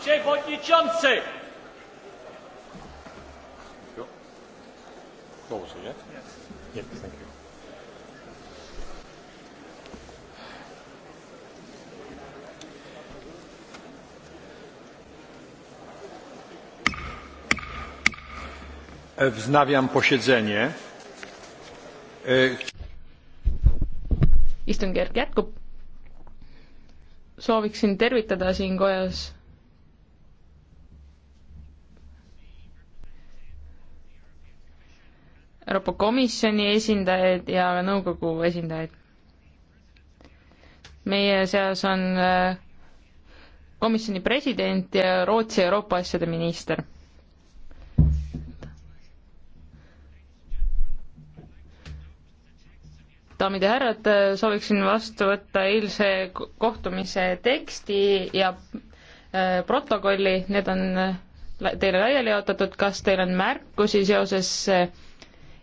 przewodniczący! Wznawiam posiedzenie. E, Istungjärk jätkub. sooviksin tervitada siin kojas Euroopa Komisjoni esindajaid ja nõukogu esindajaid. meie seas on äh, komisjoni president ja Rootsi Euroopa asjade minister. daamid ja härrad, sooviksin vastu võtta eilse kohtumise teksti ja äh, protokolli, need on äh, teile laiali jaotatud, kas teil on märkusi seoses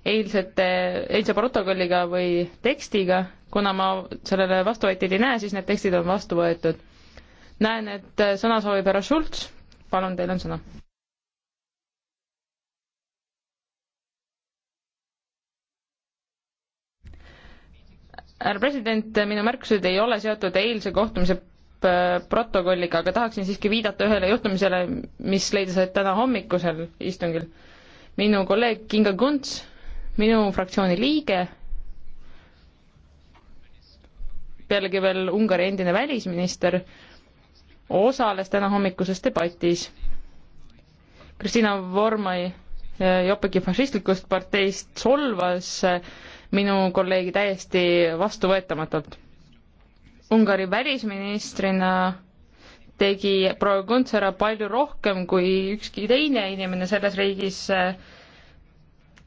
eilsete, eilse protokolliga või tekstiga, kuna ma sellele vastuvõtjaid ei näe, siis need tekstid on vastu võetud. näen, et sõna soovib härra Schultz, palun, teil on sõna. härra president, minu märkused ei ole seotud eilse kohtumise äh, protokolliga, aga tahaksin siiski viidata ühele juhtumisele, mis leidis täna hommikusel istungil. minu kolleeg Kinga Kunts minu fraktsiooni liige, pealegi veel Ungari endine välisminister, osales tänahommikuses debatis. Kristina Vormai eh, Jopeki fašistlikust parteist solvas eh, minu kolleegi täiesti vastuvõetamatult. Ungari välisministrina tegi proua Guntsera palju rohkem kui ükski teine inimene selles riigis äh,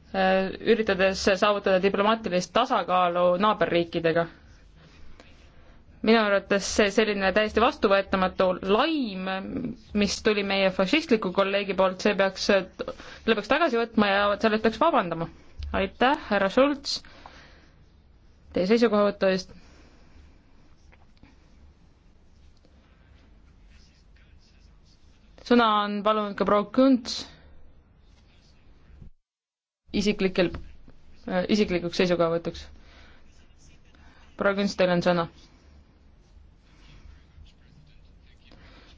Äh, üritades saavutada diplomaatilist tasakaalu naaberriikidega. minu arvates see selline täiesti vastuvõetamatu laim, mis tuli meie fašistliku kolleegi poolt, see peaks, selle peaks tagasi võtma ja selle eest peaks vabandama. aitäh, härra Schultz, teie seisukohavõtu eest. sõna on palunud ka proua Kunts isiklikel, äh, isiklikuks seisukohavõtuks. Progins, teil on sõna.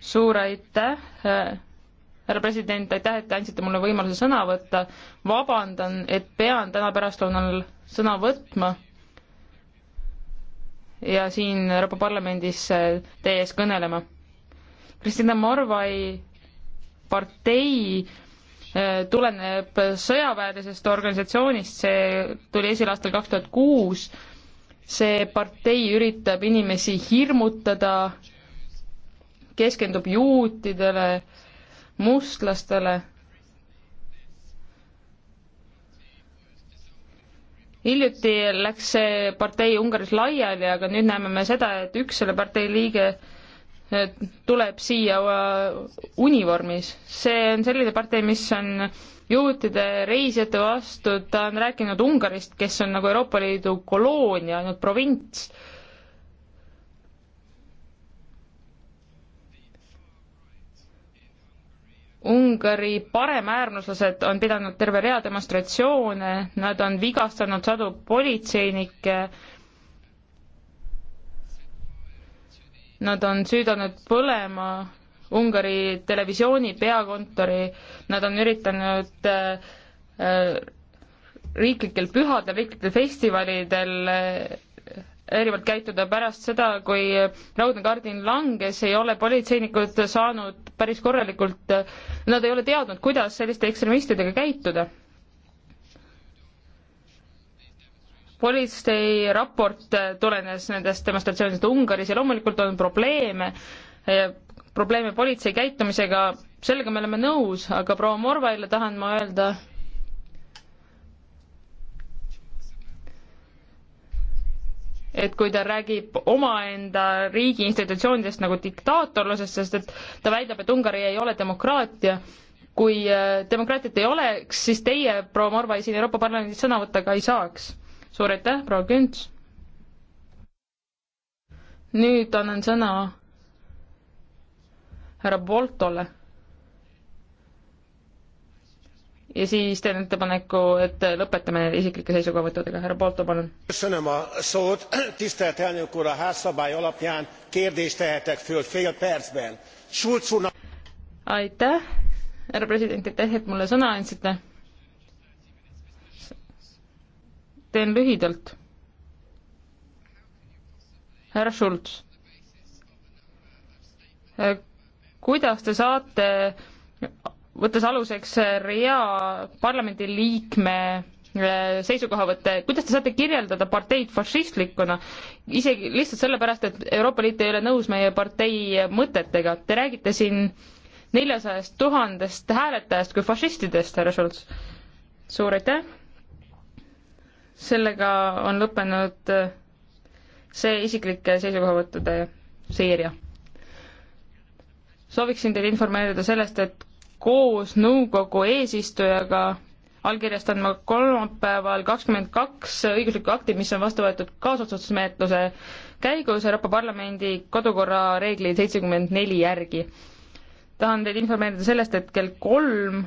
suur aitäh, äh, härra president, aitäh, et te andsite mulle võimaluse sõna võtta. vabandan, et pean täna pärastlõunal sõna võtma ja siin Euroopa Parlamendis äh, teie ees kõnelema. Kristina Morvai partei Äh, tuleneb sõjaväelisest organisatsioonist, see tuli esile aastal kaks tuhat kuus, see partei üritab inimesi hirmutada, keskendub juutidele, mustlastele. hiljuti läks see partei Ungaris laiali, aga nüüd näeme me seda, et üks selle partei liige tuleb siia äh, univormis. see on selline partei, mis on juutide reisijate vastu, ta on rääkinud Ungarist, kes on nagu Euroopa Liidu koloonia, ainult provints. Ungari paremäärmuslased on pidanud terve rea demonstratsioone, nad on vigastanud sadu politseinikke nad on süüdanud põlema Ungari televisiooni peakontori, nad on üritanud äh, äh, riiklikel pühadel, riiklikel festivalidel äh, erinevalt käituda pärast seda, kui Raudne kardin langes, ei ole politseinikud saanud päris korralikult, nad ei ole teadnud, kuidas selliste ekstremistidega käituda politsei raport tulenes nendest demonstratsioonidest Ungaris ja loomulikult on probleeme, eh, probleeme politsei käitumisega, sellega me oleme nõus, aga proua Morvaile tahan ma öelda, et kui ta räägib omaenda riigi institutsioonidest nagu diktaatorlusest, sest et ta väidab, et Ungari ei ole demokraatia, kui eh, demokraatiat ei oleks, siis teie, proua Morvai, siin Euroopa Parlamendis sõna võtta ka ei saaks suur aitäh, proua Künts! nüüd annan sõna härra Boltole. ja siis teen ettepaneku, et lõpetame isiklike seisukohavõttudega. härra Bolto, palun. köszönöm a szót, tisztelt elnök úr, a házszabály alapján kérdést tehetek föl fél percben. Schulz úrnak aitäh, härra president, aitäh, et mulle sõna andsite teen lühidalt. härra Schulz, kuidas te saate, võttes aluseks rea parlamendiliikme eh, seisukohavõtte, kuidas te saate kirjeldada parteid fašistlikuna, isegi lihtsalt sellepärast, et Euroopa Liit ei ole nõus meie partei mõtetega, te räägite siin neljasajast tuhandest hääletajast kui fašistidest, härra Schulz. suur aitäh! sellega on lõppenud äh, see isiklike seisukohavõttude seeria. sooviksin teid informeerida sellest, et koos nõukogu eesistujaga allkirjastan ma kolmapäeval kakskümmend kaks õiguslikku akti, mis on vastu võetud kaasotsustusmenetluse käigus Euroopa Parlamendi kodukorra reegli seitsekümmend neli järgi. tahan teid informeerida sellest, et kell kolm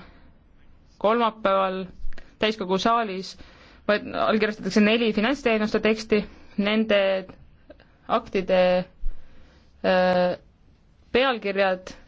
kolmapäeval täiskogu saalis allkirjastatakse neli finantsteenuste teksti, nende aktide äh, pealkirjad